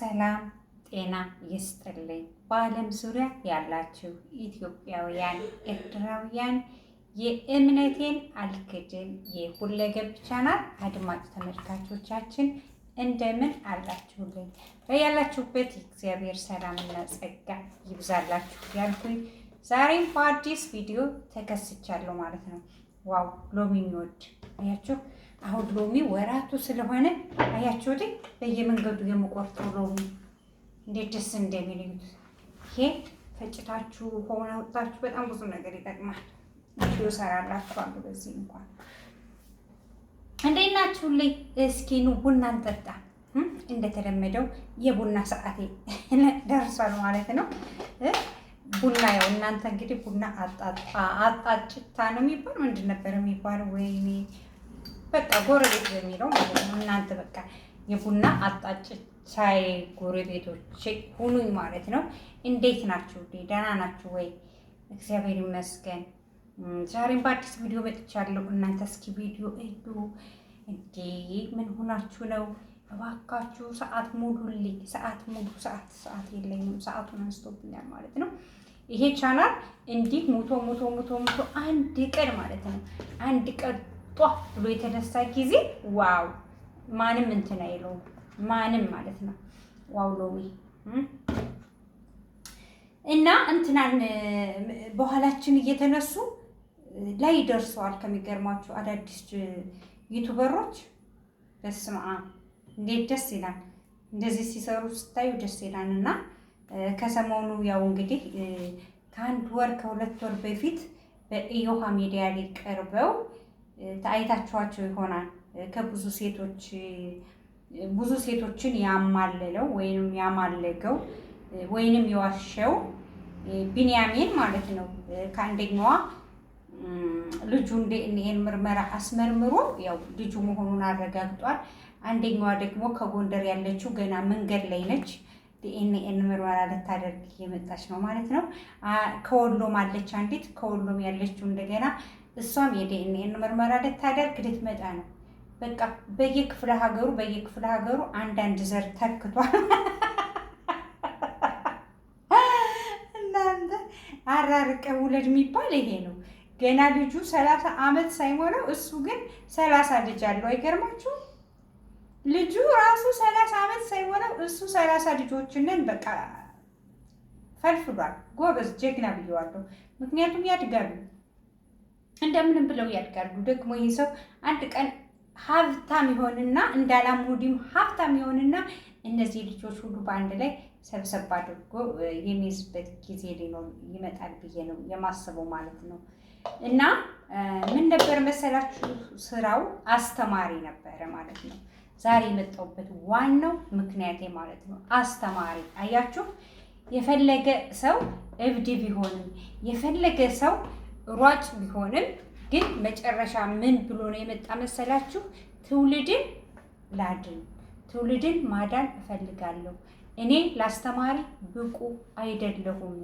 ሰላም ጤና ይስጥልኝ። በዓለም ዙሪያ ያላችሁ ኢትዮጵያውያን፣ ኤርትራውያን የእምነቴን አልክድም የሁለገብ ቻናል አድማጭ ተመልካቾቻችን እንደምን አላችሁልኝ? በያላችሁበት የእግዚአብሔር ሰላምና ጸጋ ይብዛላችሁ ያልኩኝ ዛሬም በአዲስ ቪዲዮ ተከስቻለሁ ማለት ነው። ዋው ሎሚ የሚወድ ያችሁ አሁን ሎሚ ወራቱ ስለሆነ አያችሁት፣ በየመንገዱ የምቆርጠው ሎሚ እንዴት ደስ እንደሚል እዩት። ይሄ ፈጭታችሁ ሆነ ወጣችሁ በጣም ብዙ ነገር ይጠቅማል። ቪዲዮ በዚህ እንኳን። እንዴት ስኪኑ እስኪ ኑ ቡና እንጠጣ። እንደተለመደው የቡና ሰዓቴ ደርሷል ማለት ነው። ቡና ያው እናንተ እንግዲህ ቡና አጣጭታ ነው የሚባል ምንድን ነበር የሚባል ወይኔ በቃ ጎረቤት በሚለው ማለት ነው። እናንተ በቃ የቡና አጣጭ ቻይ ጎረቤቶች ሁኑኝ ማለት ነው። እንዴት ናችሁ? ደህና ናችሁ ወይ? እግዚአብሔር ይመስገን። ዛሬም በአዲስ ቪዲዮ መጥቻለሁ። እናንተ እስኪ ቪዲዮ እዩ። እንዴ ምን ሆናችሁ ነው? እባካችሁ ሰዓት ሙሉልኝ፣ ሰዓት ሙሉ፣ ሰዓት ሰዓት የለኝም። ሰዓቱን አንስቶብኛል ማለት ነው። ይሄ ቻናል እንዲህ ሙቶ ሙቶ ሙቶ ሙቶ አንድ ቀን ማለት ነው አንድ ቀን ጧ ብሎ የተነሳ ጊዜ ዋው ማንም እንትን አይለውም። ማንም ማለት ነው። ዋው ሎሚ እና እንትናን በኋላችን እየተነሱ ላይ ደርሰዋል። ከሚገርማችሁ አዳዲስ ዩቱበሮች በስመ እንዴት ደስ ይላል! እንደዚህ ሲሰሩ ስታዩ ደስ ይላል። እና ከሰሞኑ ያው እንግዲህ ከአንድ ወር ከሁለት ወር በፊት በኢዮሃ ሚዲያ ላይ ቀርበው አይታችኋቸው ይሆናል ከብዙ ሴቶች ብዙ ሴቶችን ያማለለው ወይም ያማለገው ወይንም የዋሸው ቢንያሚን ማለት ነው። ከአንደኛዋ ልጁ ኤን ምርመራ አስመርምሮ ያው ልጁ መሆኑን አረጋግጧል። አንደኛዋ ደግሞ ከጎንደር ያለችው ገና መንገድ ላይ ነች። ዲኤንኤን ምርመራ ልታደርግ የመጣች ነው ማለት ነው። ከወሎም አለች አንዲት ከወሎም ያለችው እንደገና እሷም የዲኤንኤን ምርመራ ልታደርግ ልትመጣ ነው። በቃ በየክፍለ ሀገሩ በየክፍለ ሀገሩ አንዳንድ ዘር ተክቷል። እናንተ አራርቀ ውለድ የሚባል ይሄ ነው። ገና ልጁ ሰላሳ ዓመት ሳይሞላው እሱ ግን ሰላሳ ልጅ አለው። አይገርማችሁ? ልጁ ራሱ ሰላሳ ዓመት ሳይሞላው እሱ ሰላሳ ልጆችንን በቃ ፈልፍሏል። ጎበዝ ጀግና ብየዋለሁ። ምክንያቱም ያድጋሉ እንደምንም ብለው ያድጋሉ። ደግሞ ይህ ሰው አንድ ቀን ሀብታም ይሆንና እንዳላሙዲም ሀብታም ይሆንና እነዚህ ልጆች ሁሉ በአንድ ላይ ሰብሰብ አድርጎ የሚይዝበት ጊዜ ሊኖር ይመጣል ብዬ ነው የማስበው ማለት ነው። እና ምን ነበር መሰላችሁ ስራው አስተማሪ ነበረ ማለት ነው። ዛሬ የመጣሁበት ዋናው ምክንያቴ ማለት ነው አስተማሪ። አያችሁ የፈለገ ሰው እብድ ቢሆንም የፈለገ ሰው ሯጭ ቢሆንም ግን መጨረሻ ምን ብሎ ነው የመጣ መሰላችሁ? ትውልድን ላድን፣ ትውልድን ማዳን እፈልጋለሁ። እኔ ላስተማሪ ብቁ አይደለሁም።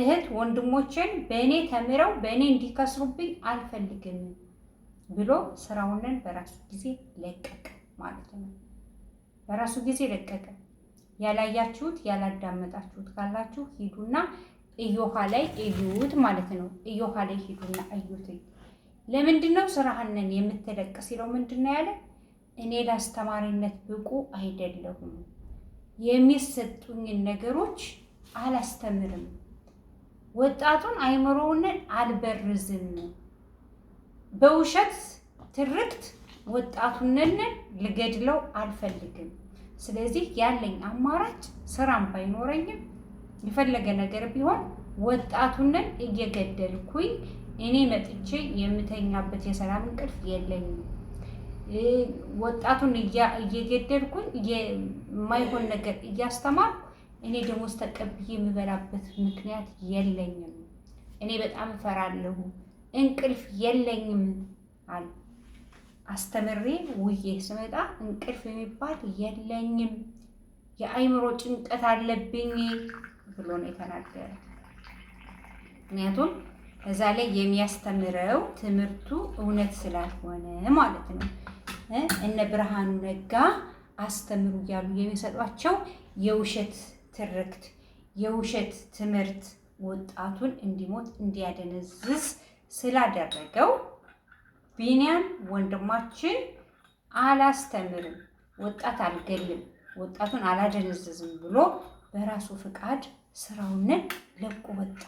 እህት ወንድሞችን በእኔ ተምረው በእኔ እንዲከስሩብኝ አልፈልግም ብሎ ስራውንን በራሱ ጊዜ ለቀቀ ማለት ነው። በራሱ ጊዜ ለቀቀ። ያላያችሁት ያላዳመጣችሁት ካላችሁ ሂዱና እዮሃ ላይ እዩት ማለት ነው። እዮሃ ላይ ሂዱና እዩት። ለምንድን ነው ስራህንን የምትለቅ ሲለው ምንድን ነው ያለ? እኔ ለአስተማሪነት ብቁ አይደለሁም፣ የሚሰጡኝን ነገሮች አላስተምርም፣ ወጣቱን አይምሮውንን አልበርዝም፣ በውሸት ትርክት ወጣቱንን ልገድለው አልፈልግም። ስለዚህ ያለኝ አማራጭ ስራም ባይኖረኝም የፈለገ ነገር ቢሆን ወጣቱንን እየገደልኩኝ እኔ መጥቼ የምተኛበት የሰላም እንቅልፍ የለኝም። ወጣቱን እየገደልኩኝ የማይሆን ነገር እያስተማርኩ እኔ ደሞዝ ተቀብዬ የምበላበት ምክንያት የለኝም። እኔ በጣም እፈራለሁ፣ እንቅልፍ የለኝም አሉ። አስተምሬ ውዬ ስመጣ እንቅልፍ የሚባል የለኝም፣ የአይምሮ ጭንቀት አለብኝ ብሎ ነው የተናገረ። ምክንያቱም እዛ ላይ የሚያስተምረው ትምህርቱ እውነት ስላልሆነ ማለት ነው። እነ ብርሃኑ ነጋ አስተምሩ እያሉ የሚሰጧቸው የውሸት ትርክት፣ የውሸት ትምህርት ወጣቱን እንዲሞት እንዲያደነዝዝ ስላደረገው ቢኒያም ወንድማችን አላስተምርም፣ ወጣት አልገልም፣ ወጣቱን አላደነዝዝም ብሎ በራሱ ፍቃድ ስራውን ለቆ ወጣ።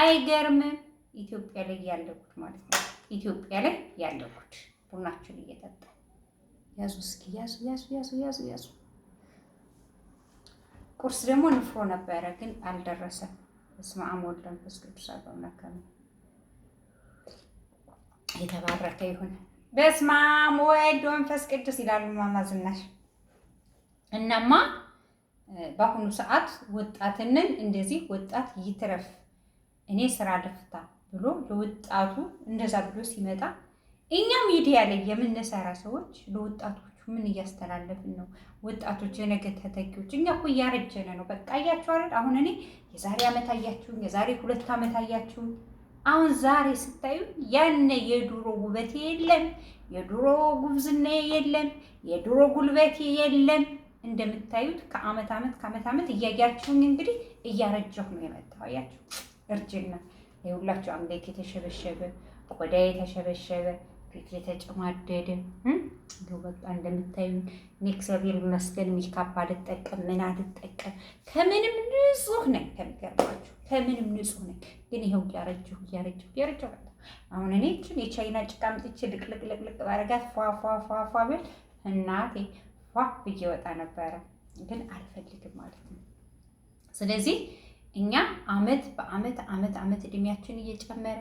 አይገርምም? ኢትዮጵያ ላይ ያለኩት ማለት ነው። ኢትዮጵያ ላይ ያለኩት ቡናችን እየጠጣ ያዙ፣ እስኪ ያዙ፣ ያዙ፣ ያዙ፣ ያዙ፣ ያዙ። ቁርስ ደግሞ ንፍሮ ነበረ፣ ግን አልደረሰም። በስመ አብ ወወልድ ወመንፈስ ቅዱስ አሐዱ አምላክ የተባረከ ይሁን። በስመ አብ ወወልድ ወመንፈስ ቅዱስ ይላሉ ማማ ዝናሽ እናማ በአሁኑ ሰዓት ወጣትንን እንደዚህ ወጣት ይትረፍ እኔ ስራ ልፍታ ብሎ ለወጣቱ እንደዛ ብሎ ሲመጣ እኛ ሚዲያ ላይ የምንሰራ ሰዎች ለወጣቶቹ ምን እያስተላለፍን ነው? ወጣቶች የነገ ተተኪዎች። እኛ እኮ እያረጀነ ነው። በቃ አያችሁ አይደል? አሁን እኔ የዛሬ ዓመት አያችሁ፣ የዛሬ ሁለት ዓመት አያችሁ። አሁን ዛሬ ስታዩ ያነ የድሮ ውበቴ የለም፣ የድሮ ጉብዝና የለም፣ የድሮ ጉልበቴ የለም። እንደምታዩት ከአመት አመት ከአመት አመት እያያችሁኝ እንግዲህ እያረጀሁ ነው የመጣው። አያችሁ እርጅና የሁላችሁ አንገት የተሸበሸበ ቆዳ የተሸበሸበ ፊት የተጨማደደ በቃ እንደምታዩ እኔ እግዚአብሔር ይመስገን ሜካፕ አልጠቀም ምን አልጠቀም ከምንም ንጹህ ነኝ። ከሚገርማችሁ ከምንም ንጹህ ነኝ። ግን ይኸው እያረጀሁ እያረጀሁ እያረጀሁ አሁን እኔ እችን የቻይና ጭቃ አምጥቼ ልቅልቅልቅልቅ ባረጋት ፏፏፏፏ ብል እናቴ ዋ ብዬ ወጣ ነበረ፣ ግን አልፈልግም ማለት ነው። ስለዚህ እኛ አመት በአመት አመት አመት እድሜያችን እየጨመረ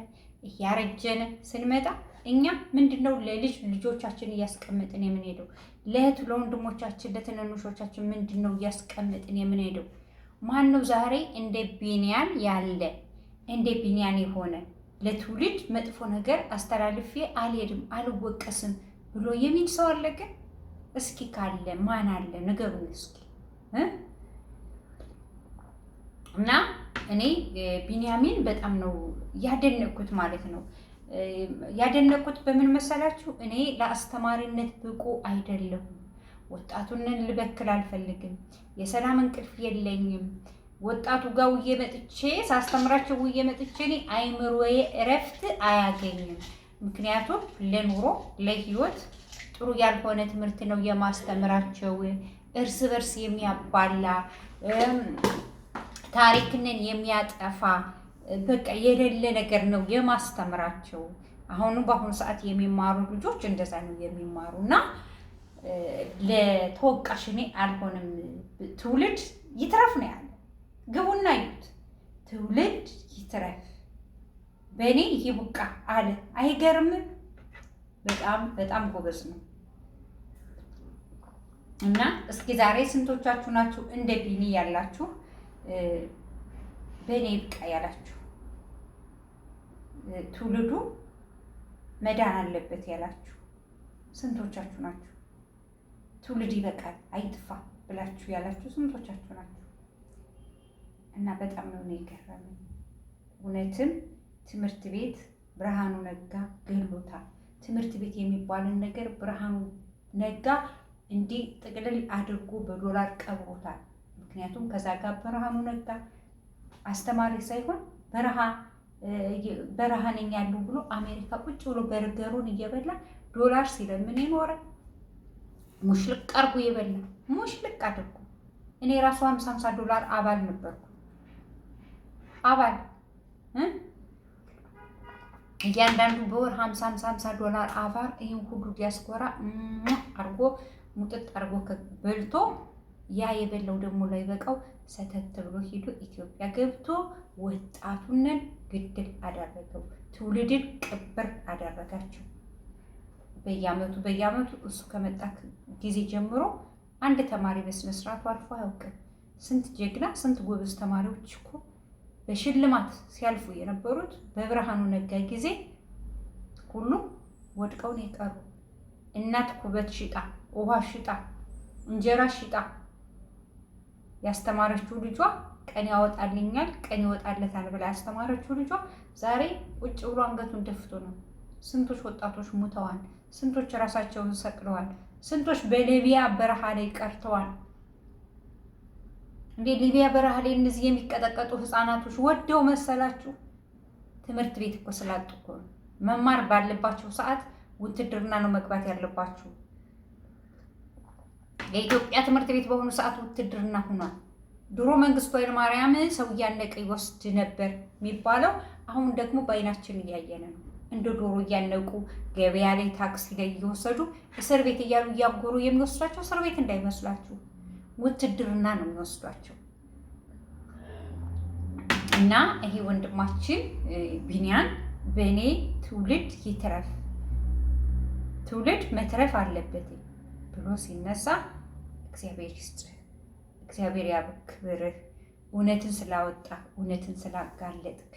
እያረጀን ስንመጣ እኛ ምንድነው ለልጅ ልጆቻችን እያስቀምጥን የምንሄደው? ለእህት ለወንድሞቻችን፣ ለትንንሾቻችን ምንድነው እያስቀምጥን የምንሄደው? ነው ዛሬ እንደ ቢንያን ያለ እንደ ቢንያን የሆነ ለትውልድ መጥፎ ነገር አስተላልፌ አልሄድም አልወቀስም ብሎ የሚል ሰው አለ ግን እስኪ ካለ ማን አለ ንገሩን እስኪ እና እኔ ቢንያሚን በጣም ነው ያደነቅኩት ማለት ነው። ያደነቅኩት በምን መሰላችሁ? እኔ ለአስተማሪነት ብቁ አይደለሁም፣ ወጣቱንን ልበክል አልፈልግም፣ የሰላም እንቅልፍ የለኝም። ወጣቱ ጋር ውዬ መጥቼ ሳስተምራቸው ውዬ መጥቼ እኔ አይምሮዬ እረፍት አያገኝም። ምክንያቱም ለኑሮ ለህይወት ጥሩ ያልሆነ ትምህርት ነው የማስተምራቸው። እርስ በርስ የሚያባላ ታሪክንን የሚያጠፋ በቃ የሌለ ነገር ነው የማስተምራቸው። አሁኑ በአሁኑ ሰዓት የሚማሩ ልጆች እንደዛ ነው የሚማሩ እና ለተወቃሽ እኔ አልሆንም። ትውልድ ይትረፍ ነው ያለ። ግቡና ይዩት። ትውልድ ይትረፍ በእኔ ይብቃ አለ። አይገርምም? በጣም በጣም ጎበዝ ነው። እና እስኪ ዛሬ ስንቶቻችሁ ናችሁ እንደ ቢኒ ያላችሁ በእኔ ይብቃ ያላችሁ ትውልዱ መዳን አለበት ያላችሁ ስንቶቻችሁ ናችሁ? ትውልድ ይበቃል አይጥፋ ብላችሁ ያላችሁ ስንቶቻችሁ ናችሁ? እና በጣም ነው ነው የገረመኝ። እውነትም ትምህርት ቤት ብርሃኑ ነጋ ገሎታል። ትምህርት ቤት የሚባልን ነገር ብርሃኑ ነጋ እንዲህ ጥቅልል አድርጎ በዶላር ቀብሮታል። ምክንያቱም ከዛ ጋር በረሃኑ ነጋ አስተማሪ ሳይሆን በረሃ በረሃ ነኝ ብሎ አሜሪካ ቁጭ ብሎ በርገሩን እየበላ ዶላር ሲለምን ይኖረ ሙሽልቅ አድርጎ የበላ ሙሽልቅ አድርጎ እኔ ራሱ ሀምሳ ሀምሳ ዶላር አባል ነበርኩ አባል እያንዳንዱ በወር ሀምሳ ሀምሳ ሀምሳ ዶላር አባል ይህን ሁሉ ዲያስፖራ አድርጎ ሙጥጥ አድርጎ በልቶ ያ የበላው ደግሞ ላይ በቃው ሰተት ብሎ ሄዶ ኢትዮጵያ ገብቶ ወጣቱንን ግድል አደረገው፣ ትውልድን ቅብር አደረጋቸው። በየአመቱ በየአመቱ እሱ ከመጣ ጊዜ ጀምሮ አንድ ተማሪ በስነስርዓቱ አልፎ አያውቅም። ስንት ጀግና ስንት ጎበዝ ተማሪዎች እኮ በሽልማት ሲያልፉ የነበሩት በብርሃኑ ነጋ ጊዜ ሁሉም ወድቀውን የቀሩ እናት ኩበት ሽጣ ውሃ ሽጣ እንጀራ ሽጣ ያስተማረችው ልጇ ቀን ያወጣልኛል ቀን ይወጣለታል ብላ ያስተማረችው ልጇ ዛሬ ቁጭ ብሎ አንገቱን ደፍቶ ነው። ስንቶች ወጣቶች ሙተዋል። ስንቶች ራሳቸውን ሰቅለዋል። ስንቶች በሊቢያ በረሃ ላይ ቀርተዋል። እንዴ ሊቢያ በረሃ ላይ እነዚህ የሚቀጠቀጡ ህፃናቶች ወደው መሰላችሁ? ትምህርት ቤት እኮ ስላጡ እኮ ነው። መማር ባለባቸው ሰዓት ውትድርና ነው መግባት ያለባችሁ። የኢትዮጵያ ትምህርት ቤት በሆኑ ሰዓት ውትድርና ሆኗል። ድሮ መንግስቱ ኃይለማርያም ሰው እያነቀ ይወስድ ነበር የሚባለው፣ አሁን ደግሞ በአይናችን እያየን ነው። እንደ ዶሮ እያነቁ ገበያ ላይ ታክሲ ላይ እየወሰዱ እስር ቤት እያሉ እያጎሩ የሚወስዷቸው እስር ቤት እንዳይመስላችሁ ውትድርና ነው የሚወስዷቸው። እና ይሄ ወንድማችን ቢኒያን በእኔ ትውልድ ይትረፍ፣ ትውልድ መትረፍ አለበት ብሎ ሲነሳ እግዚአብሔር ይስጥ፣ እግዚአብሔር ያክብርህ። እውነትን ስላወጣ እውነትን ስላጋለጥክ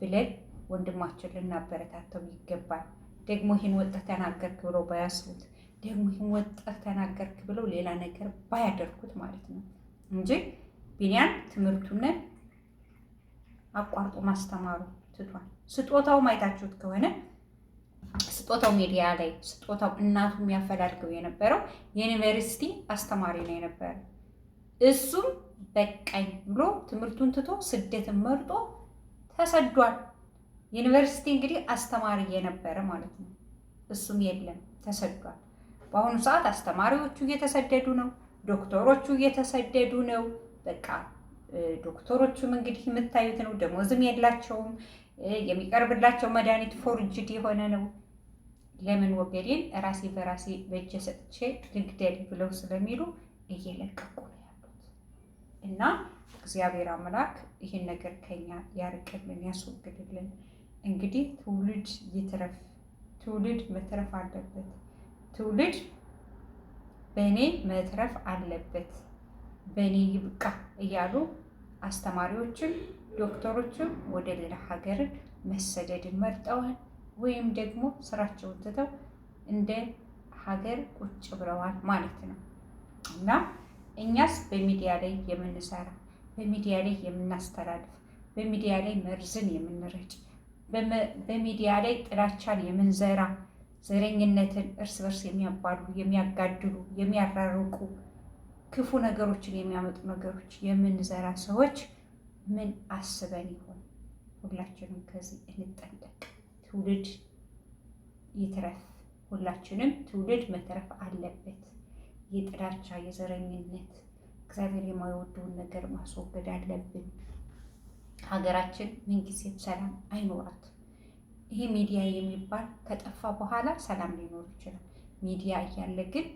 ብለን ወንድማችን ልናበረታተው ይገባል። ደግሞ ይህን ወጥተህ ተናገርክ ብለው ባያስቡት፣ ደግሞ ይህን ወጥተህ ተናገርክ ብለው ሌላ ነገር ባያደርጉት ማለት ነው እንጂ ቢኒያም ትምህርቱን አቋርጦ ማስተማሩ ትቷል። ስጦታው ማየታችሁት ከሆነ ስጦታው ሚዲያ ላይ ስጦታው እናቱ የሚያፈላልገው የነበረው የዩኒቨርሲቲ አስተማሪ ነው የነበረ። እሱም በቃኝ ብሎ ትምህርቱን ትቶ ስደትን መርጦ ተሰዷል። ዩኒቨርሲቲ እንግዲህ አስተማሪ የነበረ ማለት ነው። እሱም የለም ተሰዷል። በአሁኑ ሰዓት አስተማሪዎቹ እየተሰደዱ ነው። ዶክተሮቹ እየተሰደዱ ነው። በቃ ዶክተሮቹም እንግዲህ የምታዩት ነው። ደሞዝም የላቸውም። የሚቀርብላቸው መድኃኒት ፎርጅድ የሆነ ነው። ለምን ወገዴን ራሴ በራሴ በእጄ ሰጥቼ ልግደል ብለው ስለሚሉ እየለቀቁ ነው ያሉት። እና እግዚአብሔር አምላክ ይህን ነገር ከኛ ያርቅልን፣ ያስወግድልን። እንግዲህ ትውልድ ይትረፍ፣ ትውልድ መትረፍ አለበት። ትውልድ በእኔ መትረፍ አለበት፣ በእኔ ይብቃ እያሉ አስተማሪዎችም ዶክተሮችም ወደ ሌላ ሀገር መሰደድን መርጠዋል፣ ወይም ደግሞ ስራቸውን ትተው እንደ ሀገር ቁጭ ብለዋል ማለት ነው እና እኛስ በሚዲያ ላይ የምንሰራ በሚዲያ ላይ የምናስተላልፍ በሚዲያ ላይ መርዝን የምንረጭ በሚዲያ ላይ ጥላቻን የምንዘራ ዘረኝነትን፣ እርስ በርስ የሚያባሉ፣ የሚያጋድሉ፣ የሚያራርቁ ክፉ ነገሮችን የሚያመጡ ነገሮች የምንዘራ ሰዎች ምን አስበን ይሆን? ሁላችንም ከዚህ እንጠንቀቅ። ትውልድ ይትረፍ። ሁላችንም ትውልድ መትረፍ አለበት። የጥላቻ የዘረኝነት እግዚአብሔር የማይወደውን ነገር ማስወገድ አለብን። ሀገራችን ምንጊዜም ሰላም አይኖራት። ይሄ ሚዲያ የሚባል ከጠፋ በኋላ ሰላም ሊኖር ይችላል። ሚዲያ እያለ ግን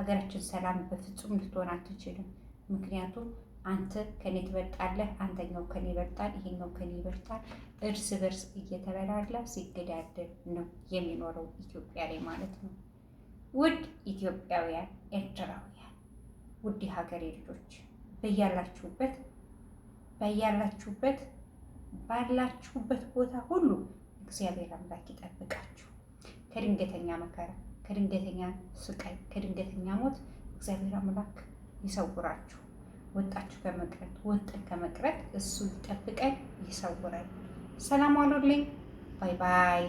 ሀገራችን ሰላም በፍጹም ልትሆን አትችልም። ምክንያቱም አንተ ከኔ ትበልጣለህ፣ አንተኛው ከኔ ይበልጣል፣ ይሄኛው ከኔ ይበልጣል፣ እርስ በርስ እየተበላላ ሲገዳደል ነው የሚኖረው ኢትዮጵያ ላይ ማለት ነው። ውድ ኢትዮጵያውያን፣ ኤርትራውያን፣ ውድ የሀገሬ ልጆች በያላችሁበት በያላችሁበት ባላችሁበት ቦታ ሁሉ እግዚአብሔር አምላክ ይጠብቃችሁ ከድንገተኛ መከራ ከድንገተኛ ስቃይ፣ ከድንገተኛ ሞት እግዚአብሔር አምላክ ይሰውራችሁ። ወጣችሁ ከመቅረት ወጥን ከመቅረት እሱ ይጠብቀን ይሰውራል። ሰላም አሉልኝ ባይ ባይ።